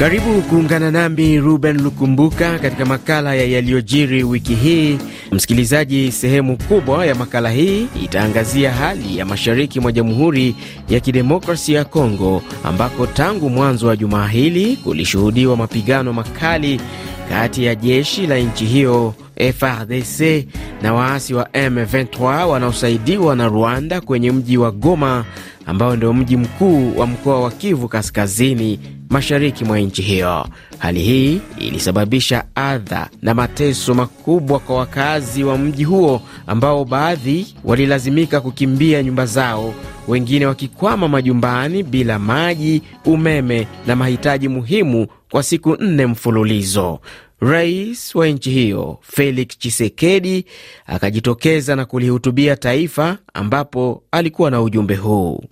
Karibu kuungana nami Ruben Lukumbuka katika makala ya yaliyojiri wiki hii. Msikilizaji, sehemu kubwa ya makala hii itaangazia hali ya mashariki mwa Jamhuri ya Kidemokrasia ya Kongo ambako tangu mwanzo wa jumaa hili kulishuhudiwa mapigano makali kati ya jeshi la nchi hiyo frdc na waasi wa M23 wanaosaidiwa na Rwanda kwenye mji wa Goma ambao ndio mji mkuu wa mkoa wa Kivu Kaskazini, mashariki mwa nchi hiyo. Hali hii ilisababisha adha na mateso makubwa kwa wakazi wa mji huo, ambao baadhi walilazimika kukimbia nyumba zao, wengine wakikwama majumbani bila maji, umeme na mahitaji muhimu kwa siku nne mfululizo. Rais wa nchi hiyo Felix chisekedi akajitokeza na kulihutubia taifa ambapo alikuwa na ujumbe huu: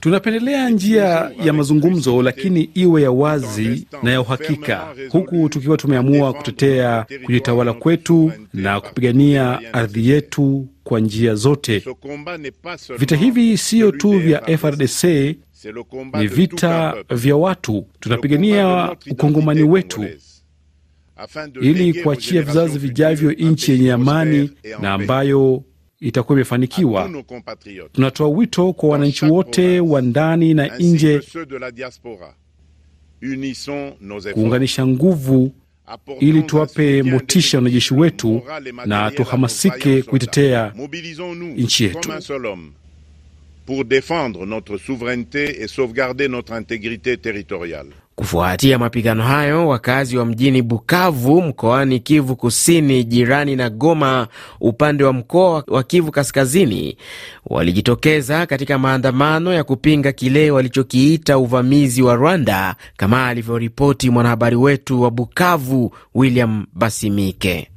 tunapendelea njia ya mazungumzo, lakini iwe ya wazi na ya uhakika, huku tukiwa tumeamua kutetea kujitawala kwetu na kupigania ardhi yetu kwa njia zote. Vita hivi siyo tu vya FRDC ni vita vya watu. Tunapigania ukongomani wetu ili kuachia vizazi vijavyo nchi yenye amani na ambayo itakuwa imefanikiwa. Tunatoa wito kwa wananchi wote wa ndani na nje kuunganisha nguvu ili tuwape motisha wanajeshi wetu na tuhamasike kuitetea nchi yetu pour défendre notre souveraineté et sauvegarder notre intégrité territoriale. Kufuatia mapigano hayo, wakazi wa mjini Bukavu mkoani Kivu Kusini, jirani na Goma upande wa mkoa wa Kivu Kaskazini, walijitokeza katika maandamano ya kupinga kile walichokiita uvamizi wa Rwanda, kama alivyoripoti mwanahabari wetu wa Bukavu William Basimike.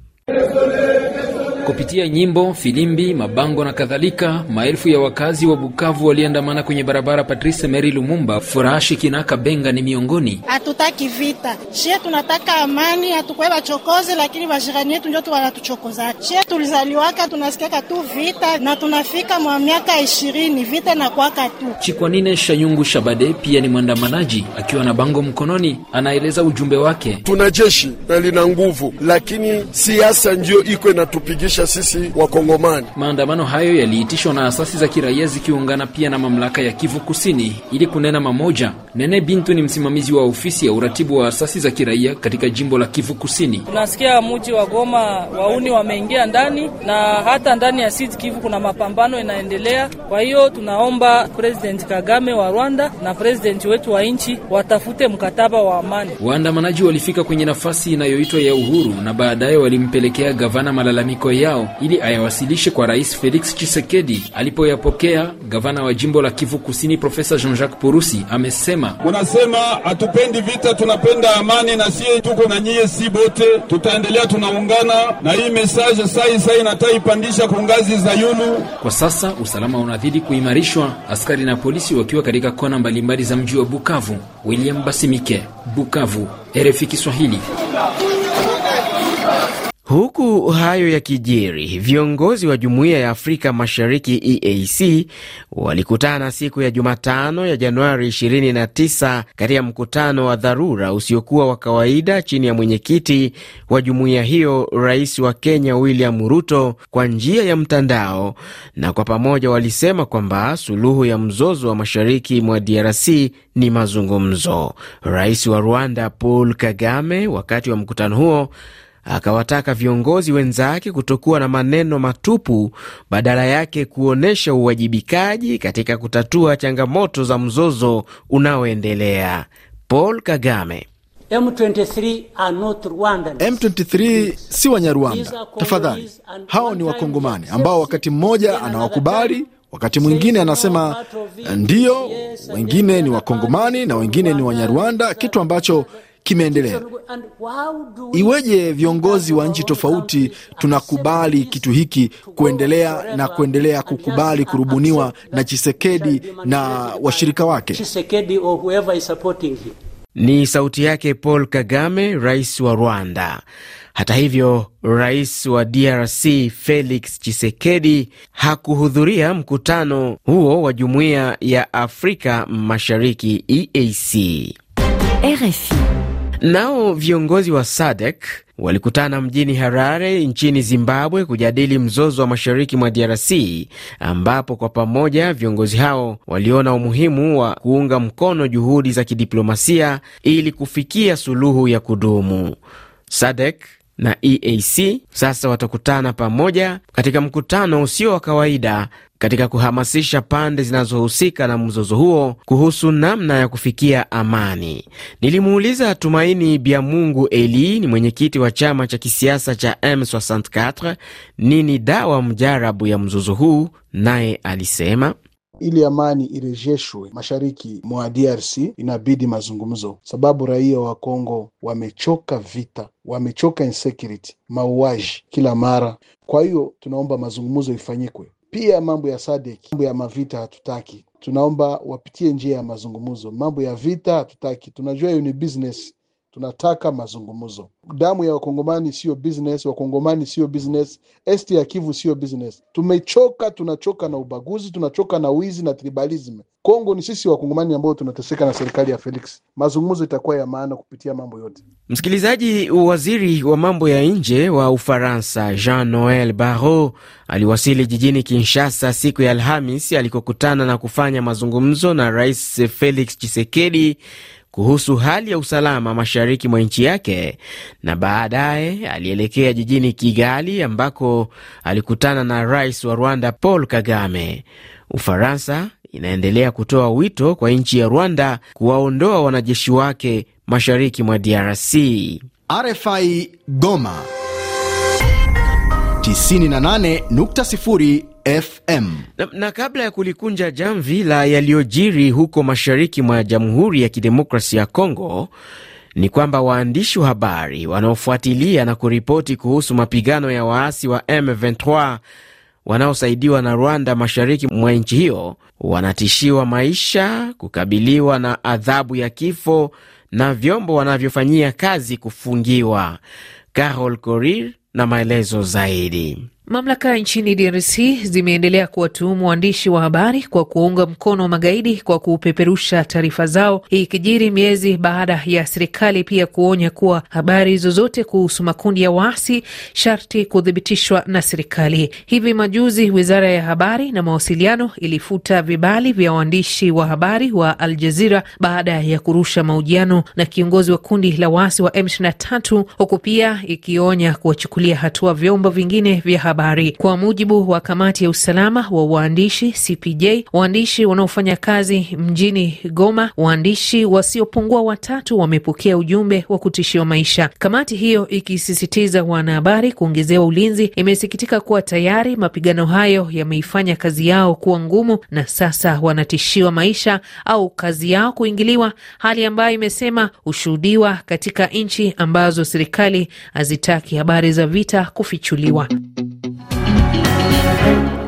Kupitia nyimbo, filimbi, mabango na kadhalika, maelfu ya wakazi wa Bukavu waliandamana kwenye barabara Patrice Mary Lumumba. Furashi Kinaka Benga ni miongoni. Hatutaki vita shie, tunataka amani, hatukuwe wachokozi, lakini wajirani yetu ndio wanatuchokoza shie. Tulizaliwaka tunasikiaka tu vita na tunafika mwa miaka ishirini vita na kwaka tu. Chikwanine Shanyungu Shabade pia ni mwandamanaji, akiwa na bango mkononi, anaeleza ujumbe wake. Tuna jeshi na lina nguvu, lakini siasa ndio iko inatupigisha kutuunganisha sisi Wakongomani. Maandamano hayo yaliitishwa na asasi za kiraia zikiungana pia na mamlaka ya Kivu Kusini ili kunena mamoja. Nene Bintu ni msimamizi wa ofisi ya uratibu wa asasi za kiraia katika jimbo la Kivu Kusini. Tunasikia mji wa Goma wauni wameingia ndani na hata ndani ya Sud Kivu kuna mapambano inaendelea. Kwa hiyo tunaomba President Kagame wa Rwanda na president wetu wa nchi watafute mkataba wa amani. Waandamanaji walifika kwenye nafasi inayoitwa ya uhuru na baadaye walimpelekea gavana malalamiko ya yao ili ayawasilishe kwa Rais Felix Tshisekedi. Alipoyapokea, gavana wa jimbo la Kivu Kusini Profesa Jean-Jacques Purusi amesema, unasema hatupendi vita, tunapenda amani, na sie tuko na nyie, si bote tutaendelea, tunaungana na hii mesaje sai sai nataipandisha kwa ngazi za yulu. Kwa sasa usalama unazidi kuimarishwa, askari na polisi wakiwa katika kona mbalimbali za mji wa Bukavu. William Basimike, Bukavu, RFI Kiswahili. Huku hayo ya kijiri viongozi wa Jumuiya ya Afrika Mashariki EAC walikutana siku ya Jumatano ya Januari 29 katika mkutano wa dharura usiokuwa wa kawaida chini ya mwenyekiti wa jumuiya hiyo, Rais wa Kenya William Ruto, kwa njia ya mtandao, na kwa pamoja walisema kwamba suluhu ya mzozo wa mashariki mwa DRC ni mazungumzo. Rais wa Rwanda Paul Kagame, wakati wa mkutano huo akawataka viongozi wenzake kutokuwa na maneno matupu, badala yake kuonyesha uwajibikaji katika kutatua changamoto za mzozo unaoendelea. Paul Kagame M23, M23 si Wanyarwanda, tafadhali. Hao ni Wakongomani ambao wakati mmoja anawakubali wakati mwingine anasema ndiyo, wengine ni Wakongomani na wengine ni Wanyarwanda, kitu ambacho kimeendelea. Iweje viongozi wa nchi tofauti tunakubali kitu hiki kuendelea na kuendelea kukubali kurubuniwa na Chisekedi na washirika wake? Ni sauti yake Paul Kagame, rais wa Rwanda. Hata hivyo, rais wa DRC Felix Tshisekedi hakuhudhuria mkutano huo wa Jumuiya ya Afrika Mashariki EAC. RFI. Nao viongozi wa SADC walikutana mjini Harare nchini Zimbabwe kujadili mzozo wa mashariki mwa DRC ambapo kwa pamoja viongozi hao waliona umuhimu wa kuunga mkono juhudi za kidiplomasia ili kufikia suluhu ya kudumu. SADC na EAC sasa watakutana pamoja katika mkutano usio wa kawaida katika kuhamasisha pande zinazohusika na mzozo huo kuhusu namna ya kufikia amani. Nilimuuliza Tumaini Biamungu Eli, ni mwenyekiti wa chama cha kisiasa cha M64, nini dawa mjarabu ya mzozo huu, naye alisema ili amani irejeshwe mashariki mwa DRC, inabidi mazungumzo, sababu raia wa Kongo wamechoka vita, wamechoka insecurity, mauaji kila mara. Kwa hiyo tunaomba mazungumzo ifanyikwe. Pia mambo ya SADC, mambo ya mavita hatutaki, tunaomba wapitie njia ya mazungumzo. Mambo ya vita hatutaki, tunajua hiyo ni business tunataka mazungumzo. Damu ya wakongomani sio business, wakongomani sio business, est ya Kivu sio business. Tumechoka, tunachoka na ubaguzi, tunachoka na wizi na tribalism. Kongo ni sisi wakongomani ambao tunateseka na serikali ya Felix. Mazungumzo itakuwa ya maana kupitia mambo yote. Msikilizaji, waziri wa mambo ya nje wa Ufaransa Jean Noel barro aliwasili jijini Kinshasa siku ya Alhamis alikokutana na kufanya mazungumzo na Rais Felix chisekedi kuhusu hali ya usalama mashariki mwa nchi yake na baadaye alielekea jijini Kigali ambako alikutana na rais wa Rwanda Paul Kagame. Ufaransa inaendelea kutoa wito kwa nchi ya Rwanda kuwaondoa wanajeshi wake mashariki mwa DRC. RFI Goma FM. Na, na kabla ya kulikunja jamvi la yaliyojiri huko mashariki mwa Jamhuri ya Kidemokrasia ya Kongo ni kwamba waandishi wa habari wanaofuatilia na kuripoti kuhusu mapigano ya waasi wa M23 wanaosaidiwa na Rwanda mashariki mwa nchi hiyo wanatishiwa maisha, kukabiliwa na adhabu ya kifo na vyombo wanavyofanyia kazi kufungiwa. Carol Korir na maelezo zaidi. Mamlaka nchini DRC zimeendelea kuwatuhumu waandishi wa habari kwa kuunga mkono magaidi kwa kupeperusha taarifa zao. Hii ikijiri miezi baada ya serikali pia kuonya kuwa habari zozote kuhusu makundi ya waasi sharti kuthibitishwa na serikali. Hivi majuzi, wizara ya habari na mawasiliano ilifuta vibali vya waandishi wa habari wa Al Jazeera baada ya kurusha mahojiano na kiongozi wa kundi la waasi wa M23, huku pia ikionya kuwachukulia hatua vyombo vingine vya habari. Kwa mujibu wa kamati ya usalama wa waandishi CPJ, waandishi wanaofanya kazi mjini Goma, waandishi wasiopungua watatu wamepokea ujumbe wa kutishiwa maisha. Kamati hiyo ikisisitiza wanahabari kuongezewa ulinzi, imesikitika kuwa tayari mapigano hayo yameifanya kazi yao kuwa ngumu na sasa wanatishiwa maisha au kazi yao kuingiliwa, hali ambayo imesema hushuhudiwa katika nchi ambazo serikali hazitaki habari za vita kufichuliwa.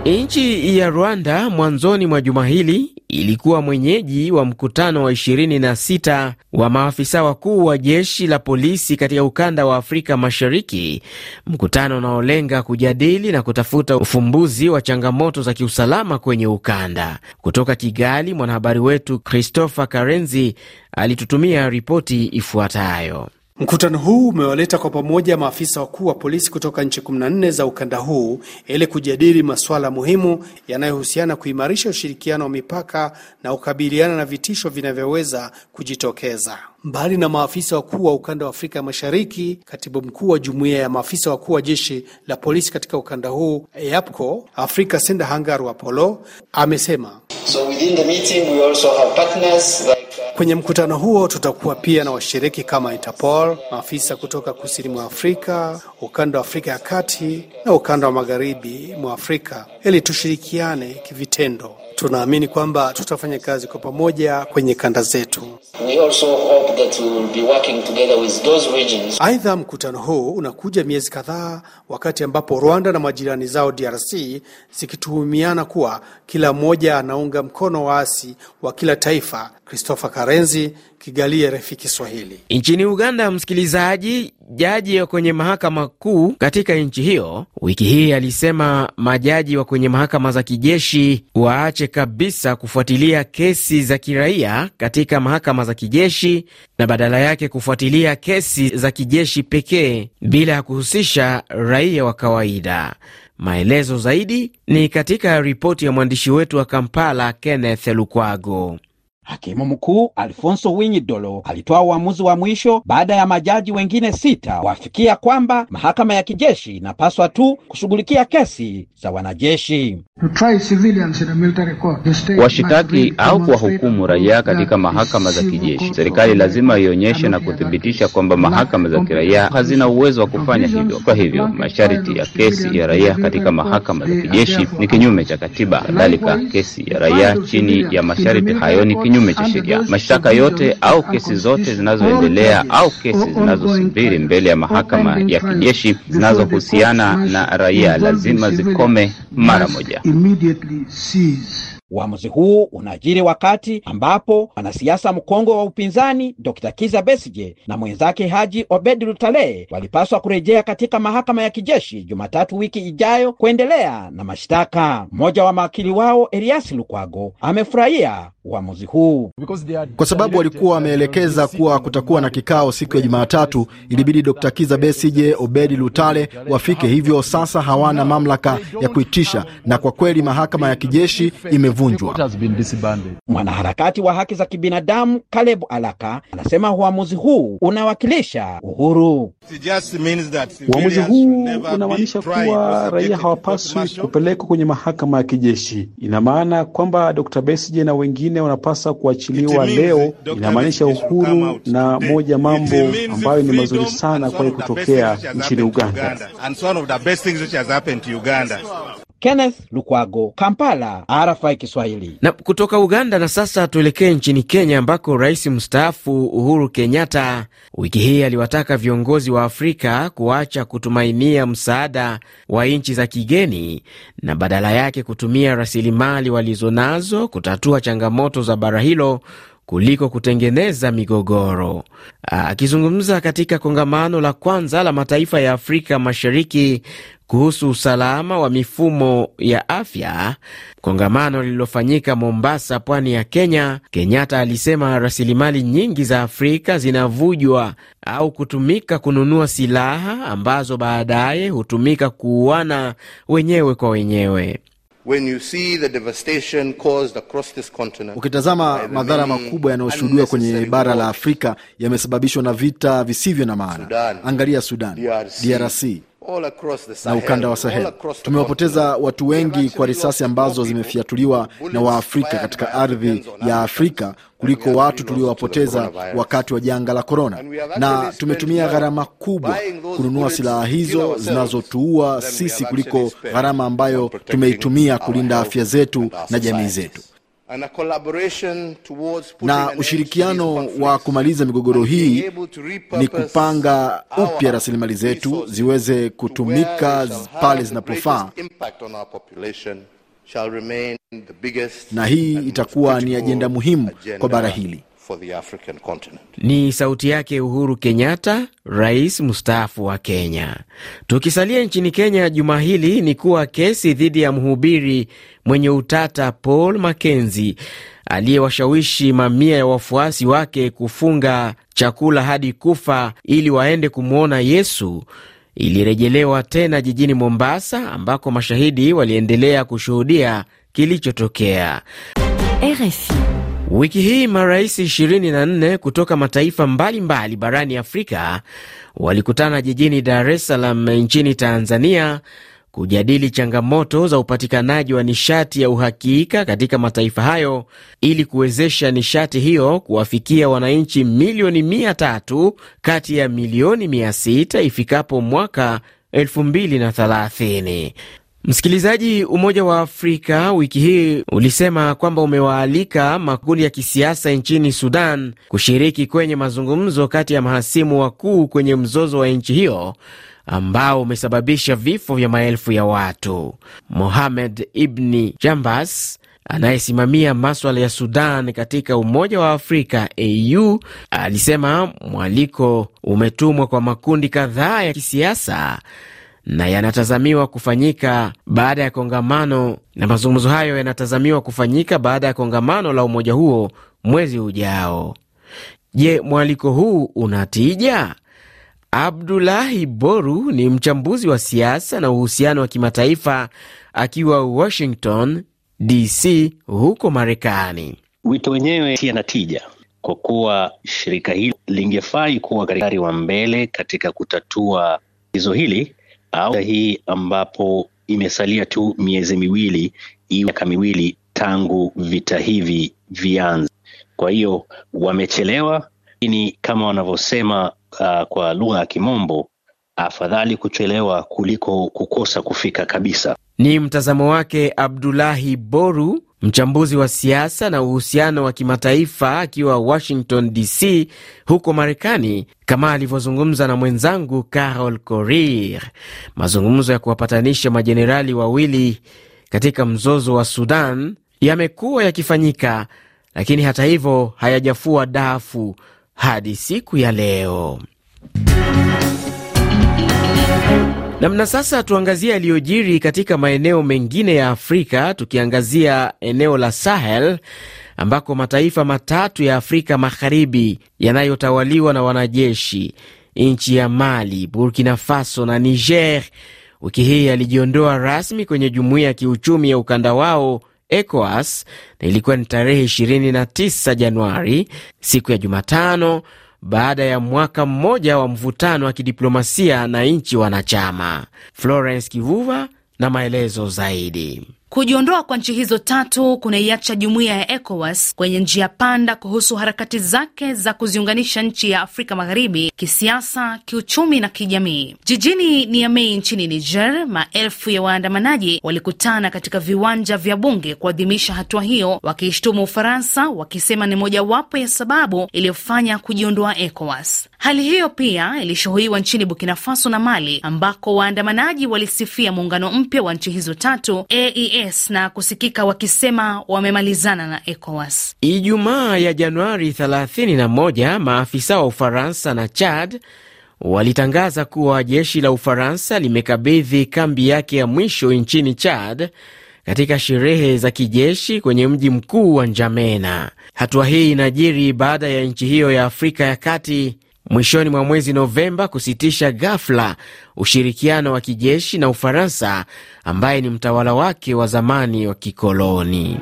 Nchi ya Rwanda mwanzoni mwa juma hili ilikuwa mwenyeji wa mkutano wa 26 wa maafisa wakuu wa jeshi la polisi katika ukanda wa Afrika Mashariki, mkutano unaolenga kujadili na kutafuta ufumbuzi wa changamoto za kiusalama kwenye ukanda. Kutoka Kigali, mwanahabari wetu Christopher Karenzi alitutumia ripoti ifuatayo. Mkutano huu umewaleta kwa pamoja maafisa wakuu wa polisi kutoka nchi 14 za ukanda huu ili kujadili masuala muhimu yanayohusiana kuimarisha ushirikiano wa mipaka na kukabiliana na vitisho vinavyoweza kujitokeza. Mbali na maafisa wakuu wa ukanda wa Afrika ya Mashariki, katibu mkuu wa jumuiya ya maafisa wakuu wa jeshi la polisi katika ukanda huu EAPCO, Afrika senda Sendahangaru Apollo amesema so uh, Kwenye mkutano huo tutakuwa pia na washiriki kama Interpol, maafisa kutoka kusini mwa Afrika, ukanda wa Afrika ya kati na ukanda wa magharibi mwa Afrika ili tushirikiane kivitendo. Tunaamini kwamba tutafanya kazi kwa pamoja kwenye kanda zetu. We also hope that be working together with those regions. Aidha, mkutano huu unakuja miezi kadhaa wakati ambapo Rwanda na majirani zao DRC zikituhumiana kuwa kila mmoja anaunga mkono waasi wa kila taifa. Christopher Karenzi, Kigali, RFI Kiswahili. Nchini Uganda, msikilizaji, jaji wa kwenye mahakama kuu katika nchi hiyo wiki hii alisema majaji wa kwenye mahakama za kijeshi waache kabisa kufuatilia kesi za kiraia katika mahakama za kijeshi na badala yake kufuatilia kesi za kijeshi pekee bila ya kuhusisha raia wa kawaida. Maelezo zaidi ni katika ripoti ya mwandishi wetu wa Kampala, Kenneth Lukwago. Hakimu mkuu Alfonso Winyi Dolo alitoa uamuzi wa mwisho baada ya majaji wengine sita wafikia kwamba mahakama ya kijeshi inapaswa tu kushughulikia kesi za wanajeshi. Washitaki au kuwahukumu raia katika mahakama za kijeshi, serikali lazima ionyeshe na kuthibitisha kwamba mahakama za kiraia hazina uwezo wa kufanya hivyo. Kwa hivyo masharti ya kesi ya raia katika mahakama za kijeshi ni kinyume cha katiba. Kadhalika, kesi ya raia chini ya masharti hayo ni kinyume cha sheria. Mashtaka yote au kesi zote zinazoendelea au kesi zinazosubiri mbele ya mahakama ya kijeshi zinazohusiana na raia lazima zikome mara moja. Uamuzi huu unajiri wakati ambapo wanasiasa mkongwe wa upinzani Dr. Kiza Besije na mwenzake Haji Obed Lutale walipaswa kurejea katika mahakama ya kijeshi Jumatatu wiki ijayo kuendelea na mashtaka. Mmoja wa mawakili wao Elias Lukwago amefurahia uamuzi huu kwa sababu walikuwa wameelekeza uh, kuwa kutakuwa na kikao siku ya Jumatatu. Ilibidi Dr. Kiza Besije, Obedi Lutale wafike, hivyo sasa hawana mamlaka ya kuitisha, na kwa kweli mahakama ya kijeshi imevu kuvunjwa. Mwanaharakati wa haki za kibinadamu Caleb Alaka anasema uamuzi huu unawakilisha uhuru. Uamuzi huu unamaanisha kuwa raia hawapaswi kupelekwa kwenye mahakama ya kijeshi. Ina maana kwamba Dr. Besigye na wengine wanapaswa kuachiliwa leo. Inamaanisha uhuru na moja mambo ambayo ni mazuri sana kwa kutokea nchini Uganda. Kenneth Lukwago, Kampala, RFI Kiswahili. Na kutoka Uganda na sasa tuelekee nchini Kenya ambako rais mstaafu Uhuru Kenyatta wiki hii aliwataka viongozi wa Afrika kuacha kutumainia msaada wa nchi za kigeni na badala yake kutumia rasilimali walizonazo kutatua changamoto za bara hilo kuliko kutengeneza migogoro. Akizungumza katika kongamano la kwanza la mataifa ya Afrika Mashariki kuhusu usalama wa mifumo ya afya. Kongamano lililofanyika Mombasa, pwani ya Kenya, Kenyatta alisema rasilimali nyingi za Afrika zinavujwa au kutumika kununua silaha ambazo baadaye hutumika kuuana wenyewe kwa wenyewe. When you see the devastation caused across this continent, ukitazama madhara makubwa yanayoshuhudiwa kwenye bara la Afrika yamesababishwa na vita visivyo na maana. Angalia Sudan, DRC, DRC na ukanda wa Sahel. Tumewapoteza watu wengi kwa risasi ambazo zimefiatuliwa na Waafrika katika ardhi ya Afrika kuliko watu tuliowapoteza wakati wa janga la korona, na tumetumia gharama kubwa kununua silaha hizo zinazotuua sisi kuliko gharama ambayo tumeitumia kulinda afya zetu na jamii zetu na ushirikiano wa kumaliza migogoro hii ni kupanga upya rasilimali zetu ziweze kutumika pale zinapofaa, na hii itakuwa ni ajenda muhimu kwa bara hili for the African continent. Ni sauti yake Uhuru Kenyatta, rais mstaafu wa Kenya. Tukisalia nchini Kenya, juma hili ni kuwa kesi dhidi ya mhubiri mwenye utata Paul makenzi aliyewashawishi mamia ya wafuasi wake kufunga chakula hadi kufa ili waende kumwona Yesu ilirejelewa tena jijini Mombasa, ambako mashahidi waliendelea kushuhudia kilichotokea. RFI Wiki hii marais 24 kutoka mataifa mbalimbali mbali barani Afrika walikutana jijini Dar es Salaam nchini Tanzania kujadili changamoto za upatikanaji wa nishati ya uhakika katika mataifa hayo ili kuwezesha nishati hiyo kuwafikia wananchi milioni 3 kati ya milioni 600 ifikapo mwaka 2030. Msikilizaji, Umoja wa Afrika wiki hii ulisema kwamba umewaalika makundi ya kisiasa nchini Sudan kushiriki kwenye mazungumzo kati ya mahasimu wakuu kwenye mzozo wa nchi hiyo ambao umesababisha vifo vya maelfu ya watu. Mohamed Ibni Jambas anayesimamia maswala ya Sudan katika Umoja wa Afrika AU alisema mwaliko umetumwa kwa makundi kadhaa ya kisiasa na yanatazamiwa kufanyika baada ya kongamano na mazungumzo hayo yanatazamiwa kufanyika baada ya kongamano la umoja huo mwezi ujao. Je, mwaliko huu unatija? Abdulahi Boru ni mchambuzi wa siasa na uhusiano wa kimataifa akiwa Washington DC huko Marekani. Wito wenyewe si kwa kuwa shirika hili lingefai kuwa mstari wa mbele katika kutatua tatizo hili au hii ambapo imesalia tu miezi miwili miaka miwili tangu vita hivi vianze. Kwa hiyo wamechelewa, ini kama wanavyosema uh, kwa lugha ya Kimombo, afadhali kuchelewa kuliko kukosa kufika kabisa. Ni mtazamo wake Abdulahi Boru, mchambuzi wa siasa na uhusiano wa kimataifa akiwa Washington DC huko Marekani, kama alivyozungumza na mwenzangu Carol Korir. Mazungumzo ya kuwapatanisha majenerali wawili katika mzozo wa Sudan yamekuwa yakifanyika, lakini hata hivyo hayajafua dafu hadi siku ya leo. Namna sasa, tuangazie yaliyojiri katika maeneo mengine ya Afrika, tukiangazia eneo la Sahel ambako mataifa matatu ya Afrika Magharibi yanayotawaliwa na wanajeshi, nchi ya Mali, Burkina Faso na Niger, wiki hii yalijiondoa rasmi kwenye jumuiya ya kiuchumi ya ukanda wao ECOWAS, na ilikuwa ni tarehe 29 Januari, siku ya Jumatano, baada ya mwaka mmoja wa mvutano wa kidiplomasia na nchi wanachama. Florence Kivuva na maelezo zaidi. Kujiondoa kwa nchi hizo tatu kunaiacha jumuiya ya ECOWAS kwenye njia panda kuhusu harakati zake za kuziunganisha nchi ya Afrika Magharibi kisiasa, kiuchumi na kijamii. Jijini Niamey nchini Niger, maelfu ya waandamanaji walikutana katika viwanja vya bunge kuadhimisha hatua hiyo, wakiishtumu Ufaransa wakisema ni mojawapo ya sababu iliyofanya kujiondoa ECOWAS. Hali hiyo pia ilishuhudiwa nchini Burkina Faso na Mali ambako waandamanaji walisifia muungano mpya wa nchi hizo tatu AEA e EAS na kusikika wakisema wamemalizana na ECOWAS. Ijumaa ya Januari 31, maafisa wa Ufaransa na Chad walitangaza kuwa jeshi la Ufaransa limekabidhi kambi yake ya mwisho nchini Chad katika sherehe za kijeshi kwenye mji mkuu wa Njamena. Hatua hii inajiri baada ya nchi hiyo ya Afrika ya Kati mwishoni mwa mwezi Novemba kusitisha ghafla ushirikiano wa kijeshi na Ufaransa ambaye ni mtawala wake wa zamani wa kikoloni.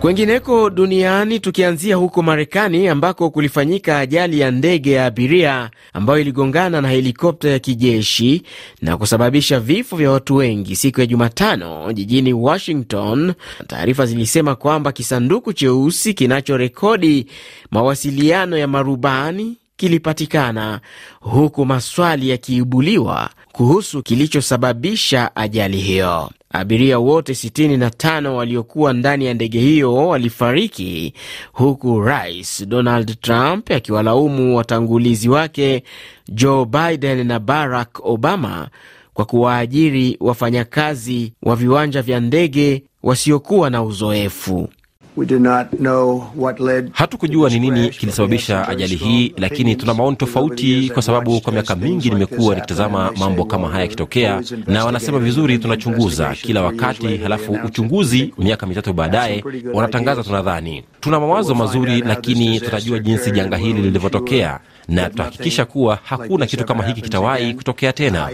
Kwengineko duniani tukianzia huko Marekani ambako kulifanyika ajali ya ndege ya abiria ambayo iligongana na helikopta ya kijeshi na kusababisha vifo vya watu wengi siku ya Jumatano jijini Washington. Taarifa zilisema kwamba kisanduku cheusi kinachorekodi mawasiliano ya marubani kilipatikana huku maswali yakiibuliwa kuhusu kilichosababisha ajali hiyo. Abiria wote 65 waliokuwa ndani ya ndege hiyo walifariki, huku Rais Donald Trump akiwalaumu watangulizi wake Joe Biden na Barack Obama kwa kuwaajiri wafanyakazi wa viwanja vya ndege wasiokuwa na uzoefu. Hatukujua ni nini kilisababisha ajali hii, lakini tuna maoni tofauti, kwa sababu kwa miaka mingi nimekuwa nikitazama mambo kama haya yakitokea, na wanasema vizuri, tunachunguza kila wakati, halafu uchunguzi miaka mitatu baadaye wanatangaza tunadhani tuna mawazo mazuri, lakini tutajua jinsi janga hili lilivyotokea na tutahakikisha kuwa hakuna kitu kama hiki kitawahi kutokea tena.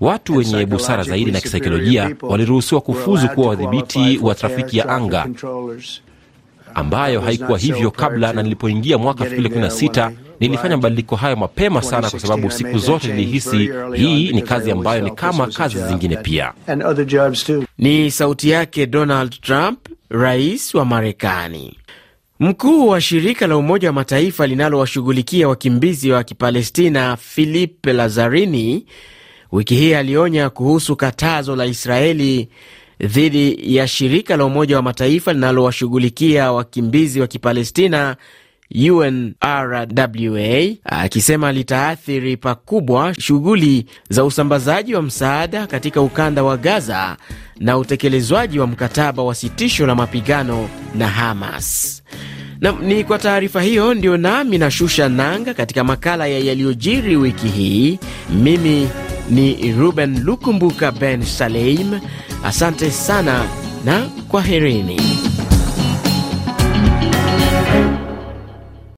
Watu wenye busara zaidi na kisaikolojia waliruhusiwa kufuzu kuwa wadhibiti wa trafiki ya anga, ambayo haikuwa hivyo kabla, na nilipoingia mwaka 2016 nilifanya mabadiliko hayo mapema sana, kwa sababu siku zote nilihisi hii ni kazi ambayo ni kama kazi zingine. Pia ni sauti yake Donald Trump, rais wa Marekani. Mkuu wa shirika la Umoja wa Mataifa linalowashughulikia wakimbizi wa Kipalestina Philippe Lazzarini wiki hii alionya kuhusu katazo la Israeli dhidi ya shirika la Umoja wa Mataifa linalowashughulikia wakimbizi wa Kipalestina UNRWA akisema litaathiri pakubwa shughuli za usambazaji wa msaada katika ukanda wa Gaza na utekelezwaji wa mkataba wa sitisho la mapigano na Hamas. Na, ni kwa taarifa hiyo ndio nami nashusha nanga katika makala ya yaliyojiri wiki hii. Mimi ni Ruben Lukumbuka Ben Saleim, asante sana na kwaherini.